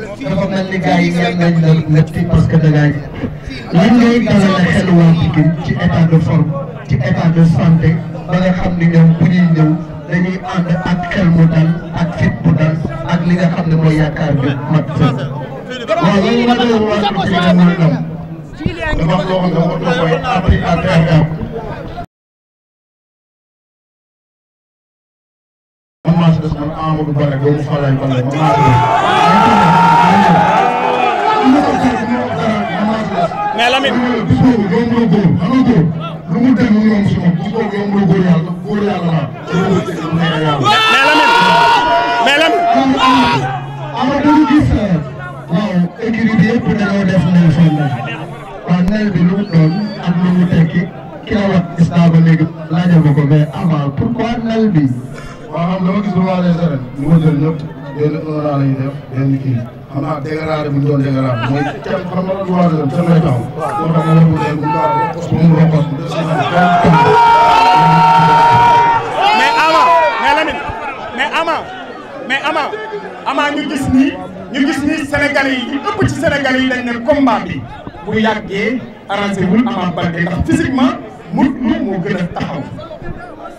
dafa mel ni gars yi ñaan nañ la lépp parce que da ngaa ji ngay dalal xel waa Pikine ci état de forme ci état de santé ba nga xam ni ñoom bu ñuy ñëw dañuy ànd ak xel mu dal ak fit bu dal ak li nga xam ne mooy yaakaar bi mat sëkk. waaw loolu nga doon wax ci dama am dama ko waxoon dama ko doon koy appui à des man Amadou Bale doomu Falaye Bale ma maa tudd. mais Lamine. bis boobu yombuloo góor xam nga góor lu mu dégg mu yomb si moom bis boobu yombuloo góor yàlla góor yàlla naa. mais Lamine. mais Lamine. Amadou gis waaw équipe bi yëpp dañoo def neel fenn waaw neel bi lu mu doon ak lu mu tekki ki la wax gis naa ba léegi laajal ma ko mais avant pourquoi neel bi. waaw xam dama ne bu dee Ama mais Ama Ama ñu gis nii ñu gis nii Sénégalais ëpp ci Sénégalais yi dañ ne bu yàggee arrangé wul Ama Baldé ndax physiquement mu gën a taxaw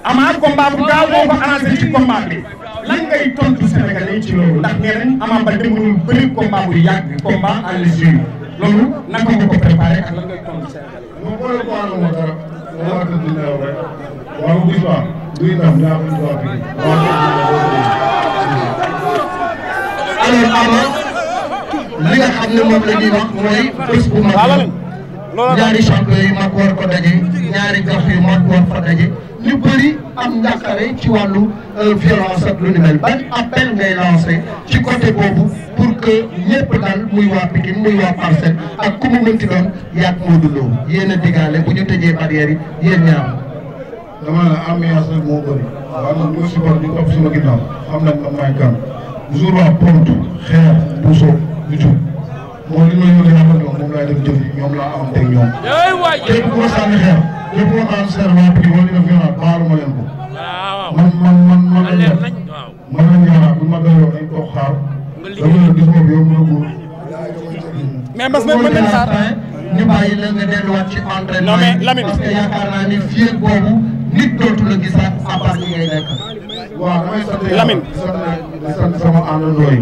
ama combat bu gaaw boo ko arrangé ci combat bi lan ngay tontu Sénégalais yi ci loolu ndax nee nañ Ama Baldé mënul bëri combat bu yàgg combat à l'issue loolu naka nga ko préparé ak lan ngay tontu Sénégalais yi. moom booyal ko ànd ma dara wala ko di nelaw rek waaw bu baax duy nam daa ko tubaab bi waaw alors Ama li nga xam ne moom la ñuy wax mooy bés bu mag ñaari champion yi mag war ko daje ñaari gaf yu mag war fa daje ñu bëri am njàqare ci wàllu euh, violence ak lu ni mel ban appel ngay lancé ci côté boobu pour que ñëpp daal muy waa Pikine muy waa Parcelles ak ku mu mënti doon yàgg Modou Lo yéen a digaale bu ñu tëjee barrière yi yéen ñaar. dama la moo bëri. waaw man aussi bon ñu topp sama ginnaaw xam nañ may kan. toujours waa pont xeer puso ñu jub moom li ma yónnee xam nga moom laay def jëf ñoom laa am teg ñoom. tey bu ko sànni xeer. lépp loo am si dara maa bëgg wala def gannaaw baalu ma leen ko. man man man man lañ def man lañ gannaaw bu ma doyoo dañ toog xaar dama leen gis moom yow mu ne ko. mais mbas mën leen xaar ñu bàyyi la nga delluwaat ci entraînement yi parce que yaakaar naa ne fii ak boobu nit dootu la gisaat à part yi ngay nekk. waaw damay sant yàlla di sant sama àndandoo yi.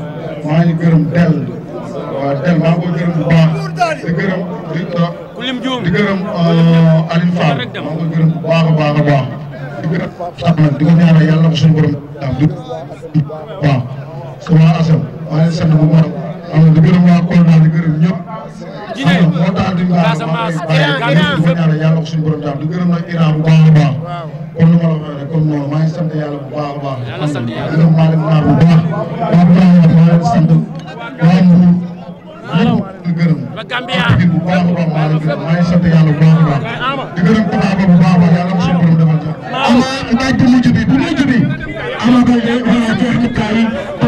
maa ngi gërëm del waaw del maa ngi koy gërëm bu baax di gërëm di di gërëm euh, Alioune Fall maa ngi koy gërëm bu baax a baax a baax di gërëm Fatma di ko ñaanal yàlla ko suñu borom daal di waaw sama asam maa ngi sant bu baax am na di gërëm waa Kolda di gërëm ñëpp am na moo tax di baax maa ngi bàyyi di ko ñaanal yàlla ko suñu borom daal di gërëm nag Iran bu baax a baax kon nu ma la waxee rek comme noonu maa ngi sant yàlla bu baax a baax. ak sant waa Mbour yëpp di gërëm di bu baax a baax maa ngi gërëm maa ngi sant yàlla bu baax a baax di gërëm papa ba bu baax a baax yàlla ko suñu borom defal ca. ama laaj bu mujj bi bu mujj bi ama ba